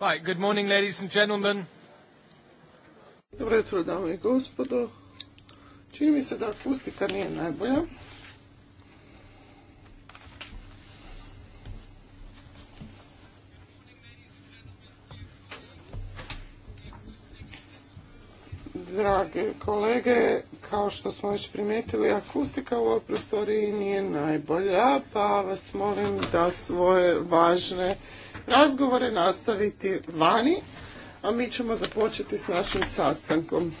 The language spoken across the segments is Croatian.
Right, good morning, ladies and gentlemen. Dobro jutro, dame i gospodo. Čini mi se da akustika nije najbolja. Drage kolege, kao što smo već primijetili, akustika u ovoj prostoriji nije najbolja, pa vas molim da svoje važne razgovore nastaviti vani, a mi ćemo započeti s našim sastankom.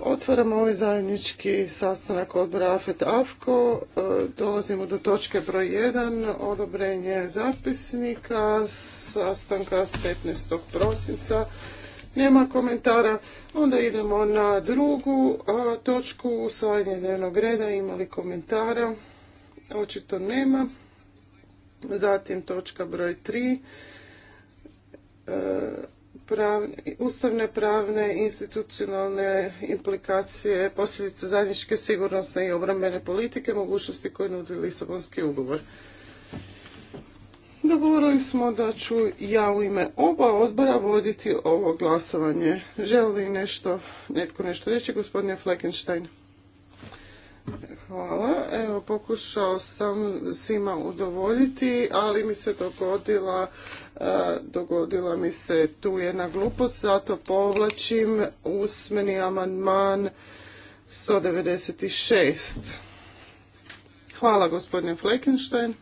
Otvaramo ovaj zajednički sastanak odbora AFET AFKO. E, dolazimo do točke broj 1, odobrenje zapisnika, sastanka s 15. prosinca. Nema komentara. Onda idemo na drugu e, točku, usvajanje dnevnog reda. Ima li komentara? Očito nema. Zatim točka broj 3. E, ustavne pravne institucionalne implikacije, posljedice zajedničke sigurnosne i obrambene politike, mogućnosti koje nudi Lisabonski ugovor. Dogovorili smo da ću ja u ime oba odbora voditi ovo glasovanje. Želi li nešto, netko nešto reći, gospodine Fleckenstein? Hvala. Evo, pokušao sam svima udovoljiti, ali mi se dogodila, e, dogodila mi se tu jedna glupost, zato povlačim usmeni amandman 196. Hvala gospodine Fleckenstein.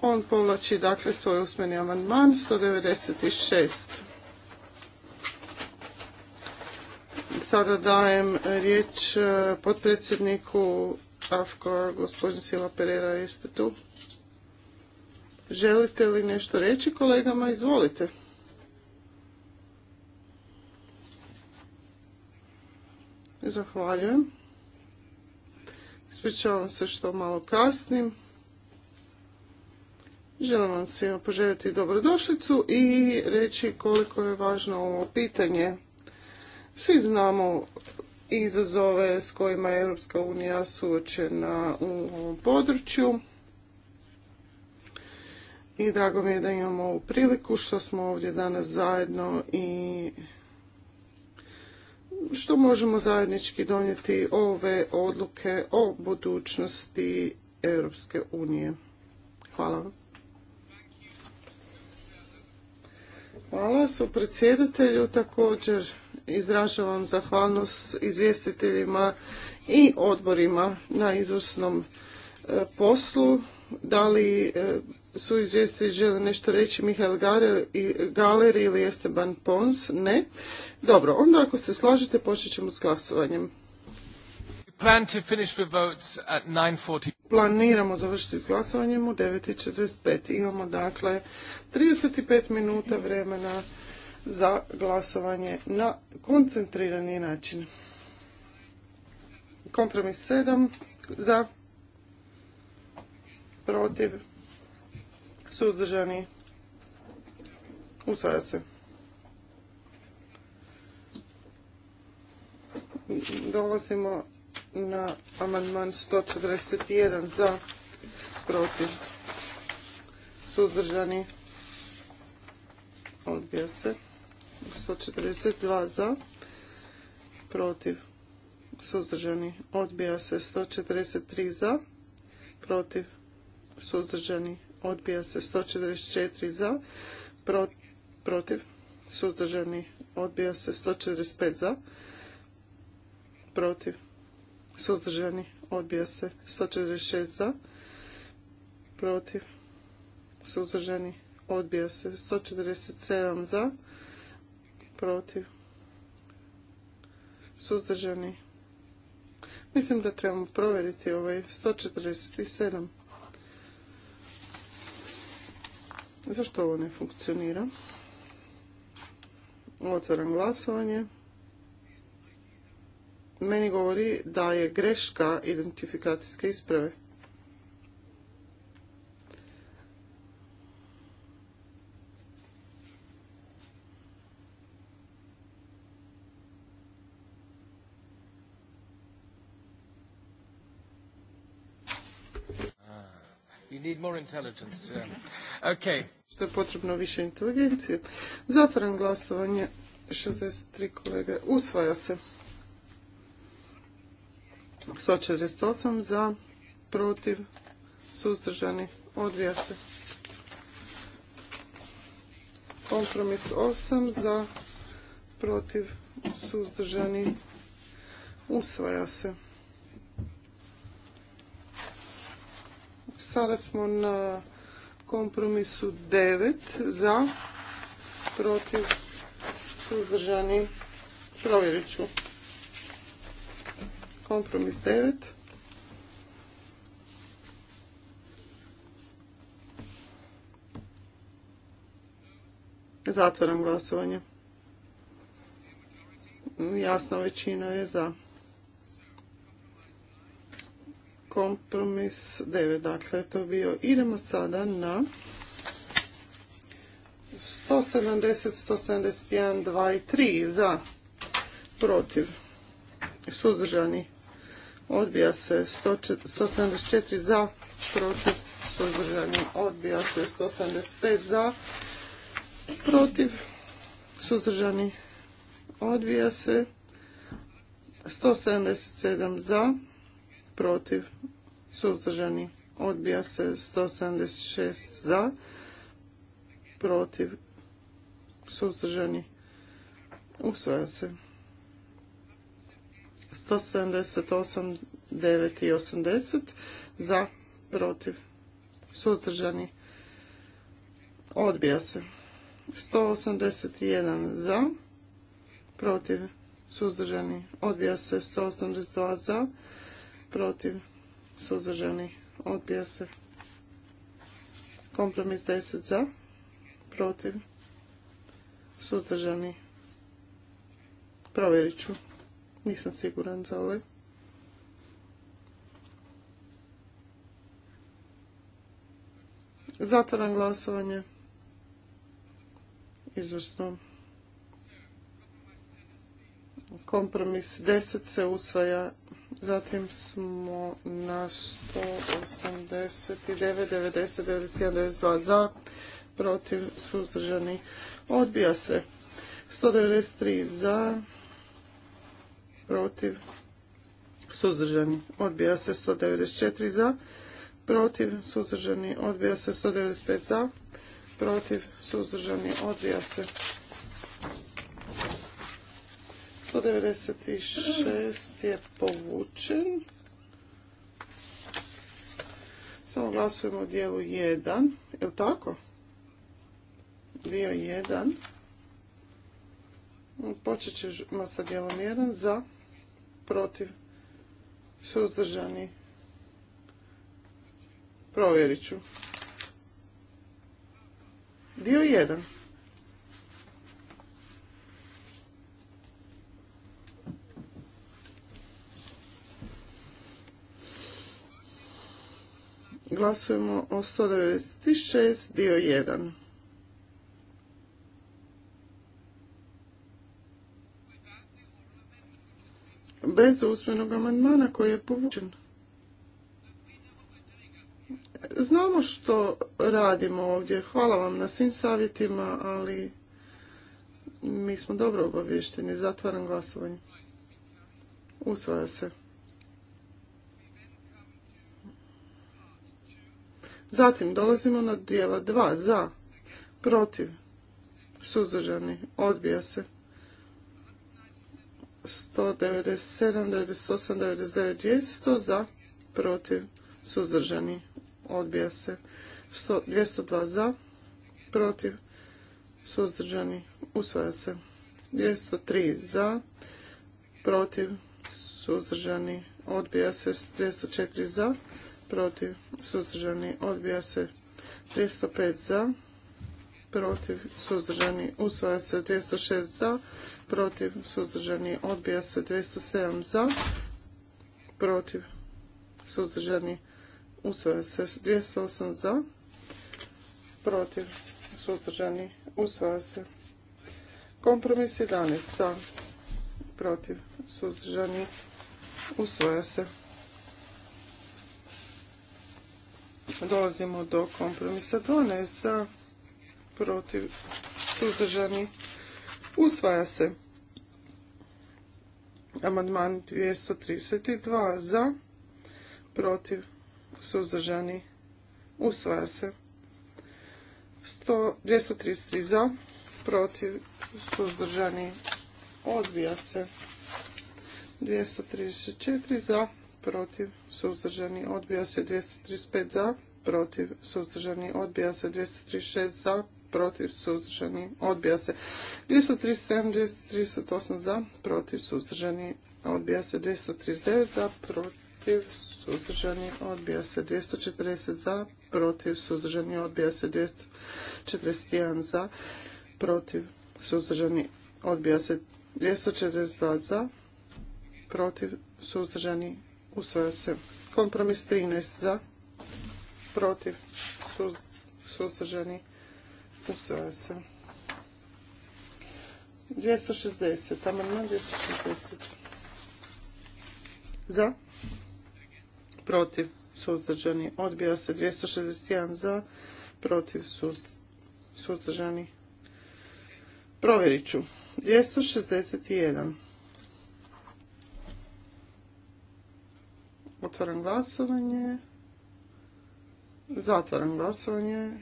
On povlači dakle svoj usmeni amandman 196. Sada dajem riječ e, potpredsjedniku AFKO, gospodin Sila Pereira, jeste tu? Želite li nešto reći kolegama? Izvolite. Zahvaljujem. Ispričavam se što malo kasnim. Želim vam svima poželjeti dobrodošlicu i reći koliko je važno ovo pitanje svi znamo izazove s kojima je Europska unija suočena u ovom području. I drago mi je da imamo ovu priliku što smo ovdje danas zajedno i što možemo zajednički donijeti ove odluke o budućnosti Europske unije. Hvala vam. Hvala su predsjedatelju također izražavam zahvalnost izvjestiteljima i odborima na izvrsnom e, poslu. Da li e, su izvjestitelji žele nešto reći Mihael Galer ili Esteban Pons? Ne. Dobro, onda ako se slažete počet ćemo s glasovanjem. Planiramo završiti s glasovanjem u 9.45. Imamo dakle 35 minuta vremena za glasovanje na koncentrirani način. Kompromis 7 za protiv suzdržani usvaja se. Dolazimo na amandman 141 za protiv suzdržani odbija se. 142 za, protiv, suzdržani, odbija se 143 za, protiv, suzdržani, odbija se 144 za, protiv, suzdržani, odbija se 145 za, protiv, suzdržani, odbija se 146 za, protiv, suzdržani, odbija se 147 za, protiv, suzdržani. Mislim da trebamo provjeriti ovaj 147. Zašto ovo ne funkcionira? Otvaram glasovanje. Meni govori da je greška identifikacijske isprave. need more intelligence. Okay. Što je potrebno više inteligencije. Zatvaram glasovanje. 63 kolege. Usvaja se. 148 za, protiv, suzdržani. Odvija se. Kompromis 8 za, protiv, suzdržani. Usvaja se. Sada smo na kompromisu 9 za, protiv, suzdržani, provjerit ću. Kompromis 9. Zatvaram glasovanje. Jasna većina je za. kompromis 9, dakle to je bio. Idemo sada na 170, 171, 2 i 3 za, protiv, suzdržani. Odbija se 174 za, protiv, suzdržani. Odbija se 175 za, protiv, suzdržani. Odbija se 177 za, protiv, suzdržani, odbija se 176 za, protiv, suzdržani, usvaja se. 178, 9 i 80 za, protiv, suzdržani, odbija se. 181 za, protiv, suzdržani, odbija se 182 za, protiv, suzdržani, odbija se. Kompromis 10 za, protiv, suzdržani, provjerit ću. Nisam siguran za ovaj. Zatvaram glasovanje. Izvrsno. Kompromis 10 se usvaja Zatim smo na 189, 90, 91, 92 za, protiv, suzdržani, odbija se. 193 za, protiv, suzdržani, odbija se. 194 za, protiv, suzdržani, odbija se. 195 za, protiv, suzdržani, odbija se. 196 je povučen. Samo glasujemo u dijelu 1. Je li tako? Dio 1. Počet ćemo sa dijelom 1. Za, protiv, suzdržani. Provjerit ću. Dio 1. glasujemo o 196 dio 1. Bez usmenog amandmana koji je povučen. Znamo što radimo ovdje. Hvala vam na svim savjetima, ali mi smo dobro obavješteni. Zatvaram glasovanje. Usvaja se. Zatim dolazimo na dijela 2 za, protiv, suzdržani, odbija se. 197, 98, 99, 200 za, protiv, suzdržani, odbija se. 202 za, protiv, suzdržani, usvaja se. 203 za, protiv, suzdržani, odbija se. 204 za, protiv, suzdržani, odbija se 205 za, protiv, suzdržani, usvaja se 206 za, protiv, suzdržani, odbija se 207 za, protiv, suzdržani, usvaja se 208 za, protiv, suzdržani, usvaja se. Kompromis 11 za, protiv, suzdržani, usvaja se. Dolazimo do kompromisa 12 za protiv suzdržani usvaja se. Amandman 232 za protiv suzdržani usvaja se. 100, 233 za protiv suzdržani odbija se. 234 za protiv, suzdržani, odbija se 235 za, protiv, suzdržani, odbija se 236 za, protiv, suzdržani, odbija se 237, 238 za, protiv, suzdržani, odbija se 239 za, protiv, suzdržani, odbija se 240 za, protiv, suzdržani, odbija se 241 za, protiv, suzdržani, odbija se 242 za, protiv, suzdržani, Usvaja se. Kompromis 13 za. Protiv. Suzdržani. Usvaja se. 260. Amandman 260. Za. Protiv. Suzdržani. Odbija se. 261 za. Protiv. Suzdržani. Provjerit ću. 261. Otvaram glasovanje. Zatvaram glasovanje.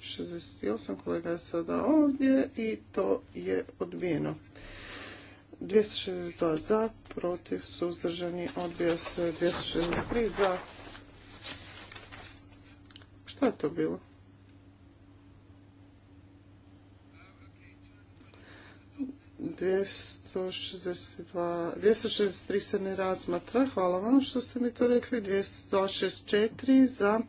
68 kolega je sada ovdje i to je odbijeno. 262 za, protiv, suzdržani, odbija se 263 za. Šta je to bilo? Dvjesto 263 se ne razmatra. Hvala vam što ste mi to rekli. 264 za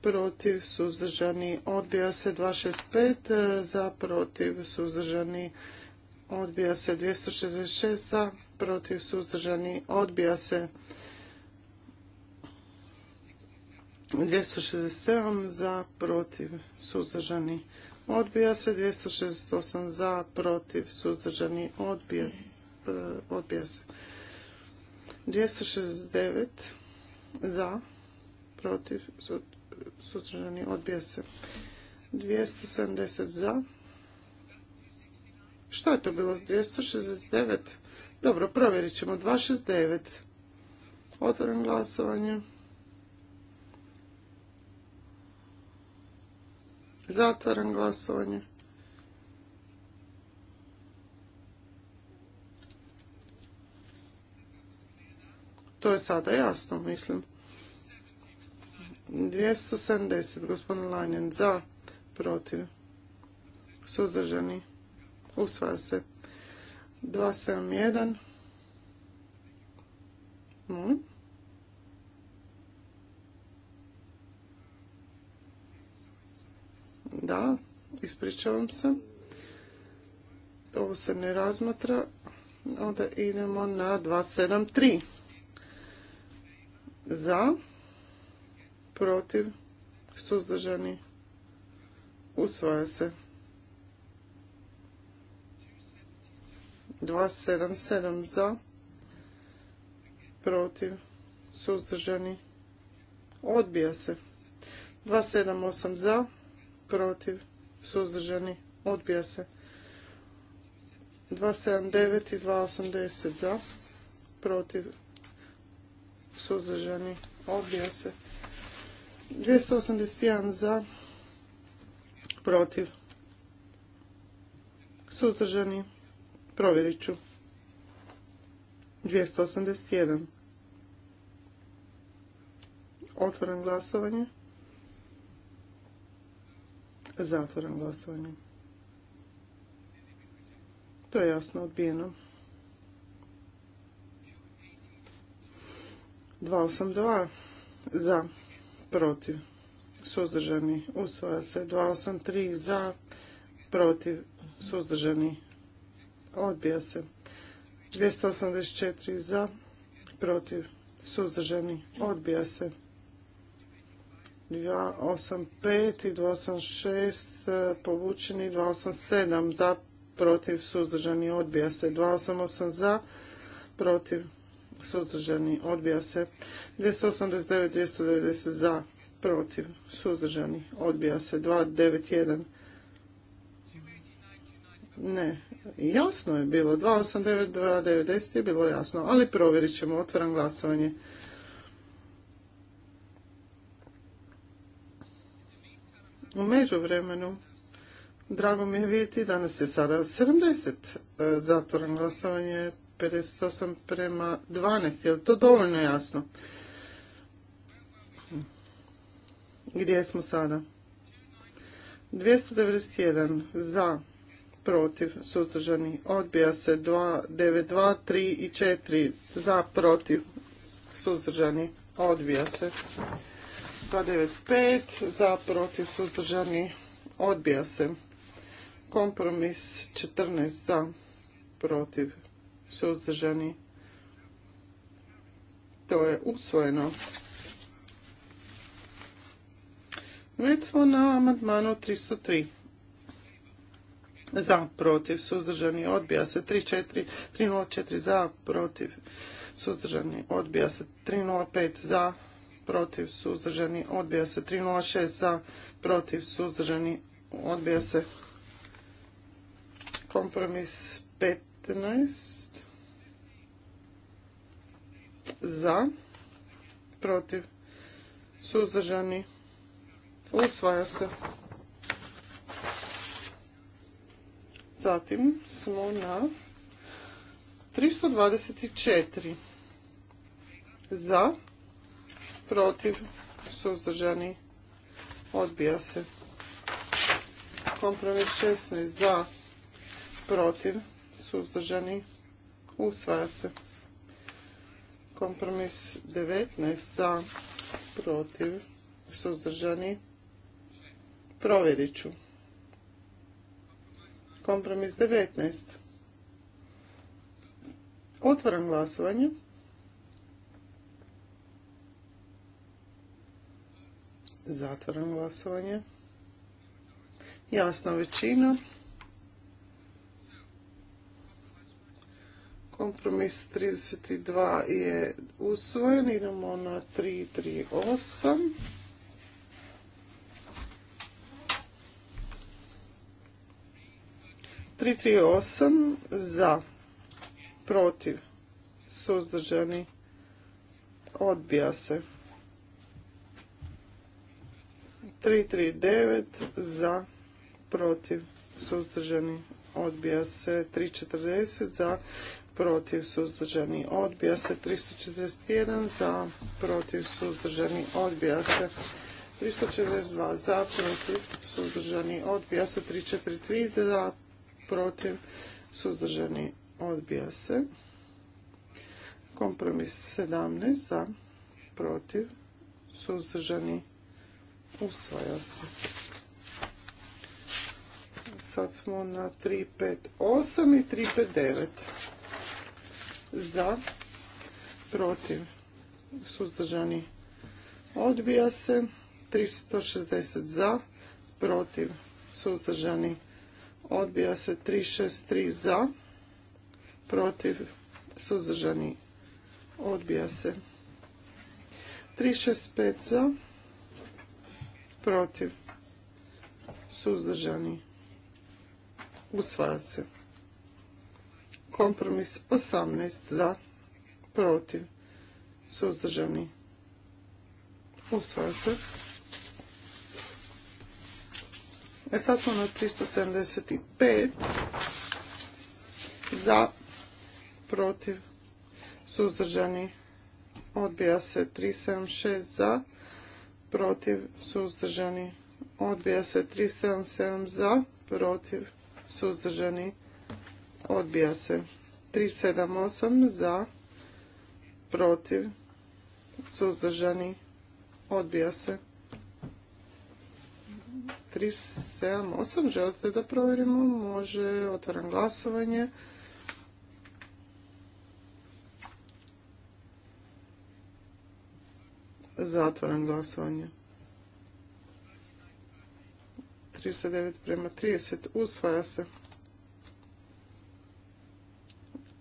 protiv suzdržani odbija se 265 za protiv suzdržani odbija se 266 za protiv suzdržani odbija se 267 za protiv suzdržani Odbija se 268 za, protiv, suzdržani, odbija, eh, odbija se. 269 za, protiv, suzdržani, odbija se. 270 za. Što je to bilo? 269? Dobro, provjerit ćemo. 269. Otvoren glasovanje. Zatvaram glasovanje. To je sada jasno, mislim. 270, gospodin Lanjen, za, protiv, suzdržani, usvaja se. 271, molim. Da, ispričavam se. Ovo se ne razmatra. Onda idemo na 273. Za, protiv, suzdržani, usvaja se. 277 za, protiv, suzdržani, odbija se. 278 za, protiv, suzdržani, odbija se. 279 i 280 za, protiv, suzdržani, odbija se. 281 za, protiv, suzdržani, provjerit ću. 281. Otvoren glasovanje. Zatvoram glasovanje. To je jasno odbijeno. 282 za, protiv, suzdržani, usvaja se. 283 za, protiv, suzdržani, odbija se. 284 za, protiv, suzdržani, odbija se. 285 i 286 e, povučeni, 287 za, protiv, suzdržani, odbija se. 288 za, protiv, suzdržani, odbija se. 289, 290 za, protiv, suzdržani, odbija se. 291 ne, jasno je bilo. 289, 290 je bilo jasno, ali provjerit ćemo. Otvaram glasovanje. U međuvremenu, drago mi je vidjeti, danas je sada 70 e, zatvoran glasovanje, 58 prema 12, je li to dovoljno jasno? Gdje smo sada? 291 za, protiv, suzdržani, odbija se 2, 9, 2, 3 i 4 za, protiv, suzdržani, odbija se. 295 za protiv suzdržani odbija se. Kompromis 14 za protiv suzdržani. To je usvojeno. Već smo na amandmanu 303. Za, protiv, suzdržani, odbija se 304 za, protiv, suzdržani, odbija se 305 za, protiv, suzdržani, odbija se. 306 za, protiv, suzdržani, odbija se. Kompromis 15 za, protiv, suzdržani, usvaja se. Zatim smo na 324 za, protiv, suzdržani, odbija se. Kompromis 16 za, protiv, suzdržani, usvaja se. Kompromis 19 za, protiv, suzdržani, provjerit ću. Kompromis 19. Otvaram glasovanje. Zatvaram glasovanje. Jasna većina. Kompromis 32 je usvojen. Idemo na 338. Tri, tri, osam, za, protiv, suzdržani, odbija se. 339 za, protiv, suzdržani, odbija se. 340 za, protiv, suzdržani, odbija se. 341 za, protiv, suzdržani, odbija se. 342 za, protiv, suzdržani, odbija se. 343 za, protiv, suzdržani, odbija se. Kompromis 17 za, protiv, suzdržani, usvojio se. Sad smo na 358 i 359. Za, protiv, suzdržani odbija se. 360 za, protiv, suzdržani odbija se. 363 za, protiv, suzdržani odbija se. 365 za, protiv, suzdržani, usvaja se. Kompromis 18 za, protiv, suzdržani, usvaja se. E sad smo na 375 za, protiv, suzdržani, odbija se 376 za, protiv, suzdržani, odbija se 377 za, protiv, suzdržani, odbija se 378 za, protiv, suzdržani, odbija se 378, želite da provjerimo, može, otvaram glasovanje. Zatvaram glasovanje. 39 prema 30. Usvaja se.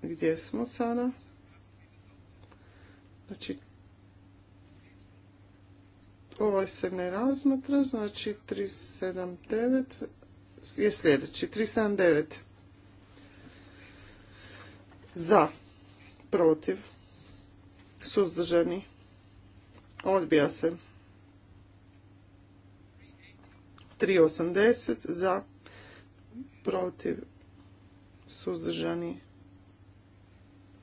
Gdje smo sada? Znači, ovaj se ne razmatra, znači 379 je sljedeći. 379 za, protiv, suzdržani, Odbija se. 3,80 za protiv suzdržani.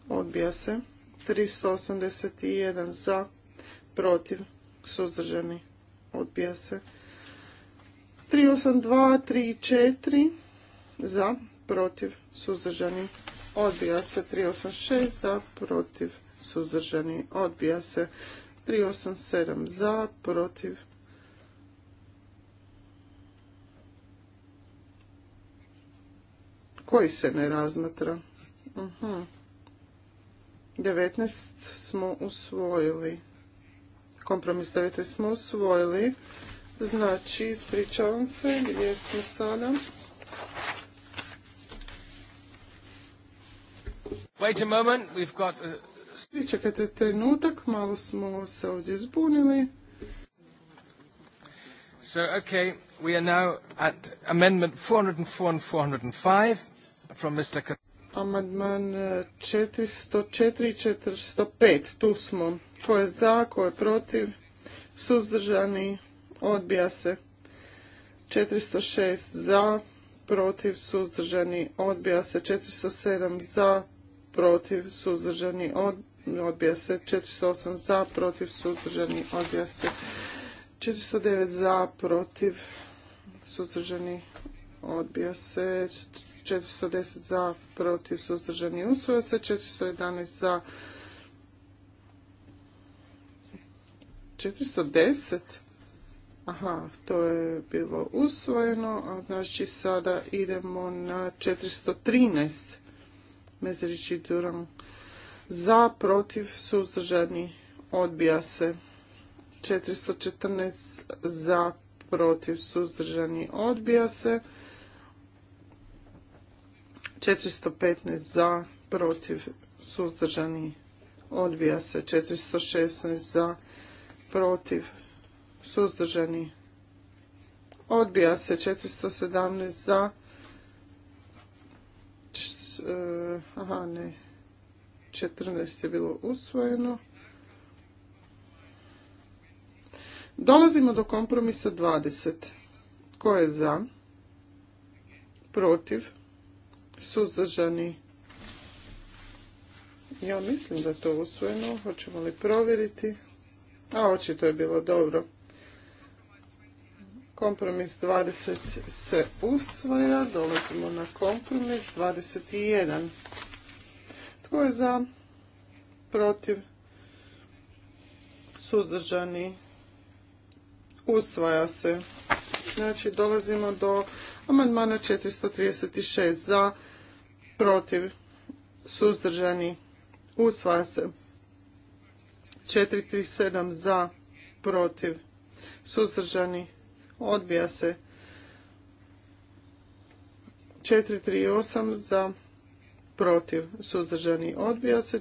Odbija se. 381 za protiv suzdržani. Odbija se. 382, 34 za protiv suzdržani. Odbija se. 386 za protiv suzdržani. Odbija se. 387 za, protiv. Koji se ne razmatra? 19 smo usvojili. Kompromis 19 smo usvojili. Znači, ispričavam se, gdje smo sada? Wait a moment, we've got uh, Pričekajte trenutak, malo smo se ovdje zbunili. So, okay, we are now at amendment 404 and 405 from Mr. Amendment 404 i 405, tu smo. Ko je za, ko je protiv, suzdržani, odbija se. 406 za, protiv, suzdržani, odbija se. 407 za, protiv, suzdržani, odbija se odbija se. 408 za, protiv, suzdržani, odbija se. 409 za, protiv, suzdržani, odbija se. 410 za, protiv, suzdržani, usvoja se. 411 za, 410 Aha, to je bilo usvojeno, znači sada idemo na 413. i Duran za, protiv, suzdržani, odbija se. 414 za, protiv, suzdržani, odbija se. 415 za, protiv, suzdržani, odbija se. 416 za, protiv, suzdržani, odbija se. 417 za, e, aha, ne, 14 je bilo usvojeno. Dolazimo do kompromisa 20. Ko je za? Protiv? Suzdržani? Ja mislim da je to usvojeno. Hoćemo li provjeriti? A očito je bilo dobro. Kompromis 20 se usvaja. Dolazimo na kompromis 21. Tko je za? Protiv? Suzdržani? Usvaja se. Znači dolazimo do amandmana 436 za, protiv, suzdržani, usvaja se. 437 za, protiv, suzdržani, odbija se. 438 za, protiv suzdržani odbija se,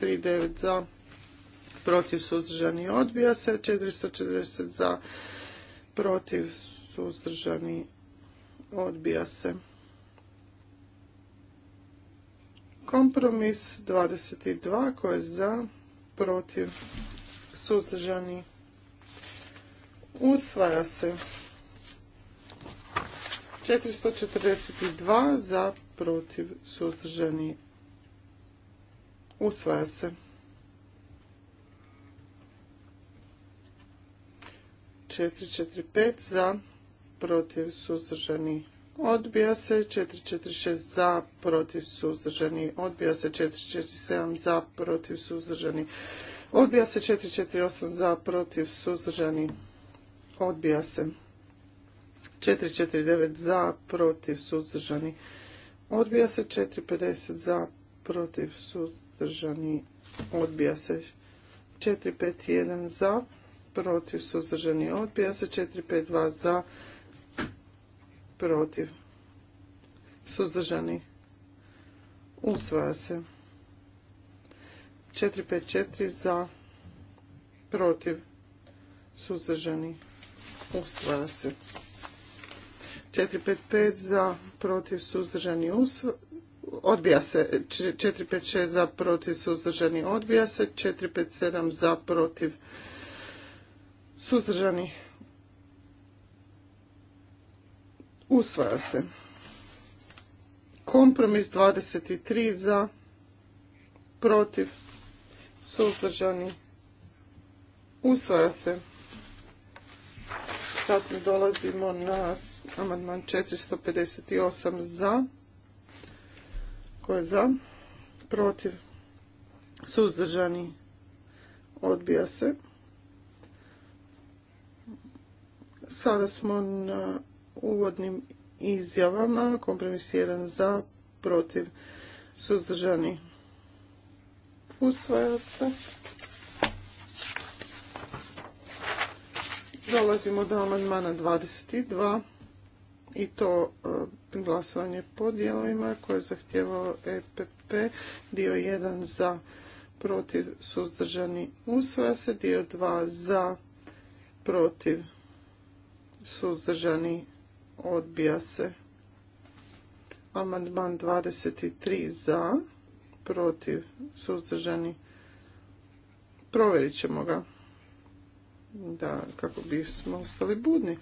439 za protiv suzdržani odbija se, 440 za protiv suzdržani odbija se. Kompromis 22 koje je za protiv suzdržani usvaja se. 442 za protiv, suzdržani, usvaja se. pet za, protiv, suzdržani, odbija se. šest za, protiv, suzdržani, odbija se. sedam za, protiv, suzdržani, odbija se. osam za, protiv, suzdržani, odbija se. devet za, protiv, suzdržani, odbija se. Odbija se 450 za, protiv suzdržani. Odbija se 451 za, protiv suzdržani. Odbija se 452 za, protiv suzdržani. Usvaja se. 454 za, protiv suzdržani. Usvaja se. 455 za protiv suzdržani odbija se 456 za protiv suzdržani odbija se 457 za protiv suzdržani usvaja se kompromis 23 za protiv suzdržani usvaja se zatim dolazimo na Amandman 458 za. Ko je za? Protiv. Suzdržani. Odbija se. Sada smo na uvodnim izjavama. Kompromis 1 za. Protiv. Suzdržani. Usvaja se. Dolazimo do amandmana 22 i to e, glasovanje po dijelovima koje je zahtjevao EPP, dio 1 za protiv suzdržani usvaja se, dio 2 za protiv suzdržani odbija se. Amandman 23 za protiv suzdržani provjerit ćemo ga da kako bismo ostali budni.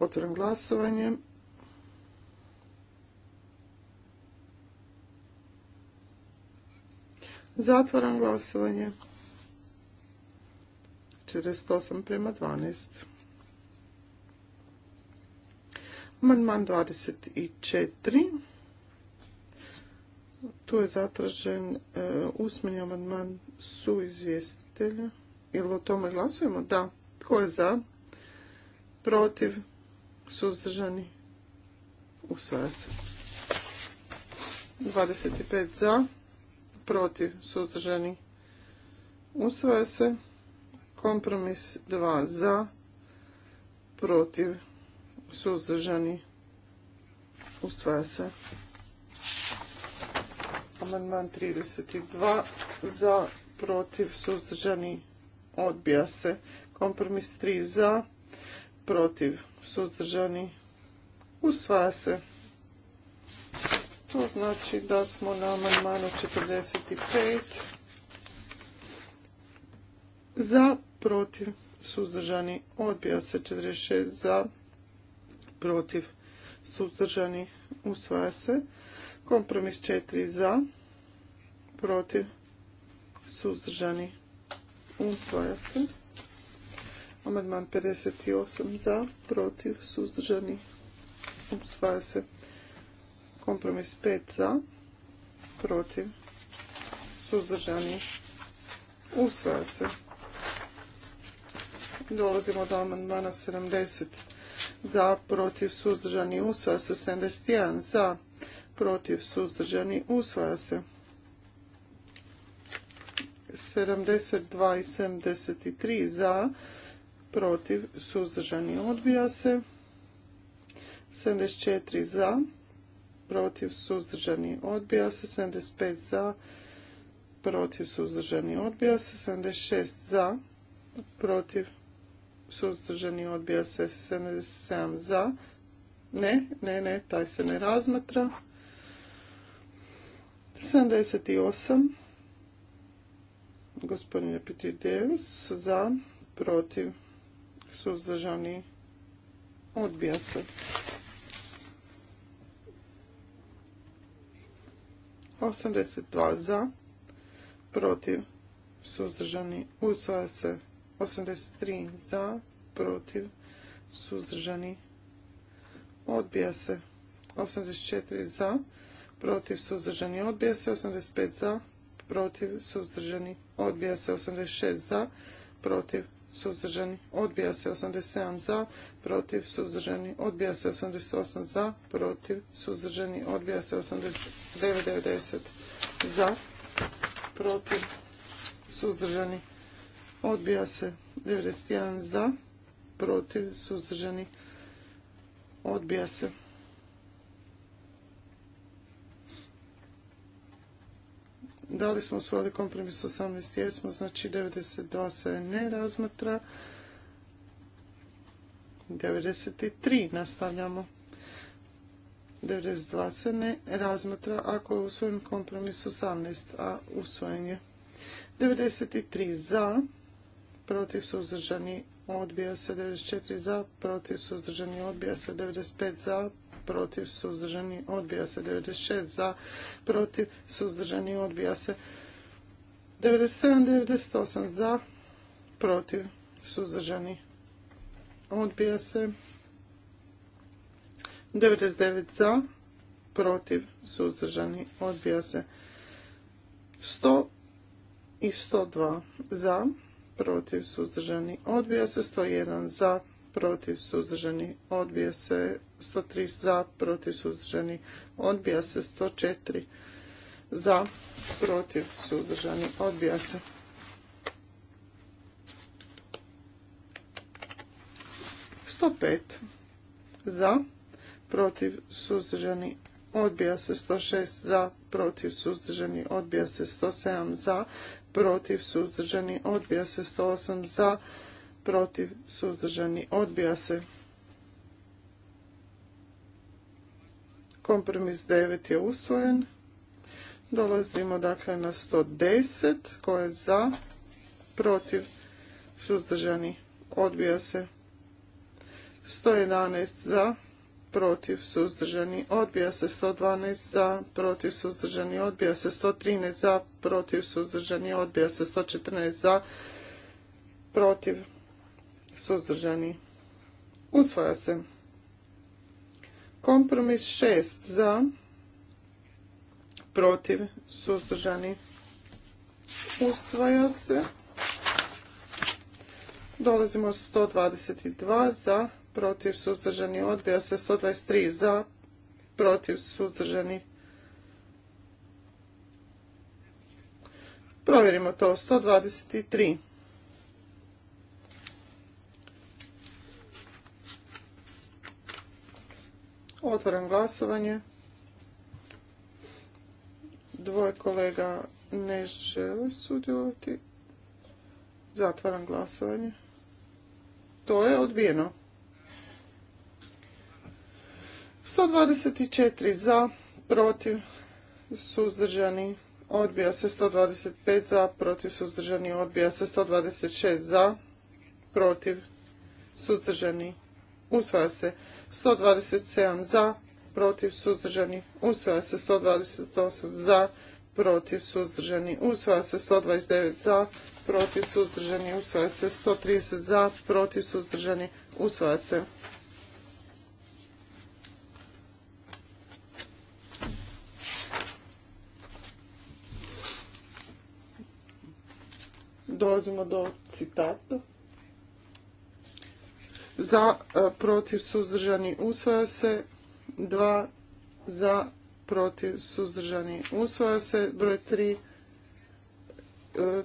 Otvaram glasovanje. Zatvaram glasovanje. 48 prema 12. Amandman 24. Tu je zatražen e, usmeni amandman su izvjestitelja. Jel o tome glasujemo? Da. Tko je za? protiv, suzdržani, usvaja se. 25 za, protiv, suzdržani, usvaja se. Kompromis 2 za, protiv, suzdržani, usvaja se. Amandman 32 za, protiv, suzdržani, odbija se. Kompromis 3 za, protiv, suzdržani, usvaja se. To znači da smo na amandmanu 45 za, protiv, suzdržani, odbija se 46 za, protiv, suzdržani, usvaja se. Kompromis 4 za, protiv, suzdržani, usvaja se. Amandman 58 za, protiv, suzdržani, usvaja se. Kompromis 5 za, protiv, suzdržani, usvaja se. Dolazimo do amandmana 70 za, protiv, suzdržani, usvaja se. 71 za, protiv, suzdržani, usvaja se. 72 i 73 za, protiv, suzdržani, odbija se. 74 za, protiv, suzdržani, odbija se. 75 za, protiv, suzdržani, odbija se. 76 za, protiv, suzdržani, odbija se. 77 za, ne, ne, ne, taj se ne razmatra. 78 gospodin gospodine Deus, za, protiv, suzdržani, odbija se. 82 za, protiv, suzdržani, usvaja se. 83 za, protiv, suzdržani, odbija se. 84 za, protiv, suzdržani, odbija se. 85 za, protiv, suzdržani, odbija se. 86 za, protiv, suzdržani, odbija se 87 za, protiv, suzdržani, odbija se 88 za, protiv, suzdržani, odbija se 89, 90 za, protiv, suzdržani, odbija se 91 za, protiv, suzdržani, odbija se Da li smo usvojili kompromis 18? Jesmo, znači 92 se ne razmatra. 93 nastavljamo. 92 se ne razmatra ako je usvojen kompromis 18, a usvojen je. 93 za, protiv suzdržani odbija se 94 za, protiv suzdržani odbija se 95 za, protiv, suzdržani, odbija se. 96 za, protiv, suzdržani, odbija se. 97, 98 za, protiv, suzdržani, odbija se. 99 za, protiv, suzdržani, odbija se. 100 i 102 za, protiv, suzdržani, odbija se. 101 za, protiv protiv suzdržani odbija se 103 za protiv suzdržani odbija se 104 za protiv suzdržani odbija se 105 za protiv suzdržani odbija se 106 za protiv suzdržani odbija se 107 za protiv suzdržani odbija se 108 za protiv, suzdržani, odbija se. Kompromis 9 je usvojen. Dolazimo dakle na 110, koje je za, protiv, suzdržani, odbija se. 111 za, protiv, suzdržani, odbija se 112 za, protiv, suzdržani, odbija se 113 za, protiv, suzdržani, odbija se 114 za, protiv, suzdržani, usvaja se. Kompromis 6 za, protiv, suzdržani, usvaja se. Dolazimo 122 za, protiv, suzdržani, odbija se 123 za, protiv, suzdržani. Provjerimo to, 123. Otvaram glasovanje. Dvoje kolega ne žele sudjelovati. Zatvaram glasovanje. To je odbijeno. 124 za, protiv, suzdržani, odbija se 125 za, protiv, suzdržani, odbija se 126 za, protiv, suzdržani, usvaja se 127 za, protiv suzdržani, usvaja se 128 za, protiv suzdržani, usvaja se 129 za, protiv suzdržani, usvaja se 130 za, protiv suzdržani, usvaja se. Dolazimo do citata za, e, protiv, suzdržani, usvaja se. dva za, protiv, suzdržani, usvaja se. Broj tri e,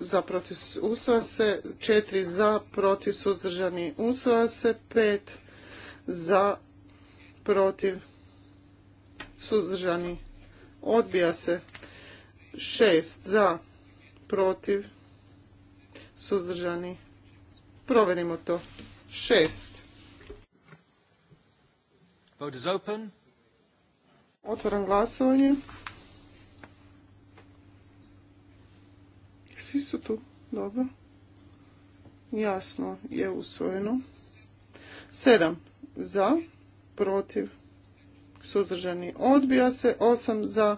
za, protiv, usvaja se. četiri za, protiv, suzdržani, usvaja se. pet za, protiv, suzdržani, odbija se. šest za, protiv, suzdržani, provjerimo to šest. Vote open. Otvaram glasovanje. Svi su tu, dobro. Jasno je usvojeno. Sedam za, protiv, suzdržani odbija se. Osam za,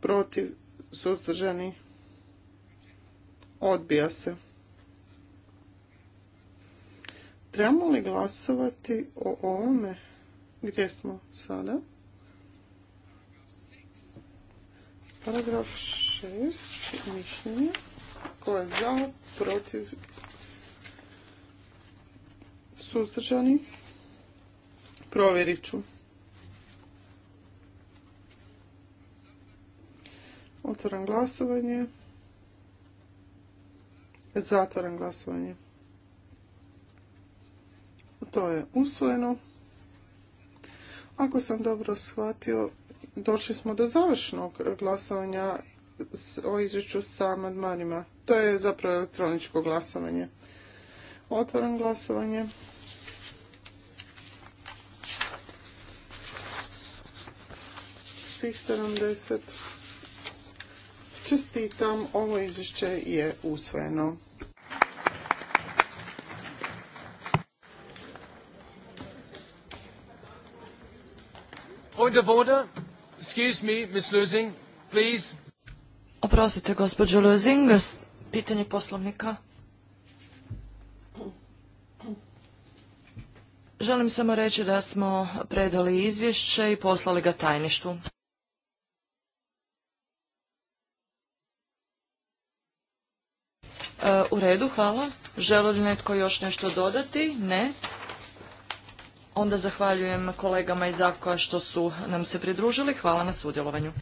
protiv, suzdržani odbija se. Trebamo li glasovati o ovome? Gdje smo sada? Paragraf 6, mišljenje. Ko je za, protiv, suzdržani? Provjerit ću. Otvoram glasovanje. Zatvoram glasovanje to je usvojeno. Ako sam dobro shvatio, došli smo do završnog glasovanja o izvješću sa amandmanima. To je zapravo elektroničko glasovanje. Otvaram glasovanje. Svih 70. Čestitam, ovo izvješće je usvojeno. Point of Oprostite, gospođo Lusing, pitanje poslovnika. Želim samo reći da smo predali izvješće i poslali ga tajništvu. E, u redu, hvala. Želi li netko još nešto dodati? Ne. Onda zahvaljujem kolegama iz AFKO-a što su nam se pridružili. Hvala na sudjelovanju.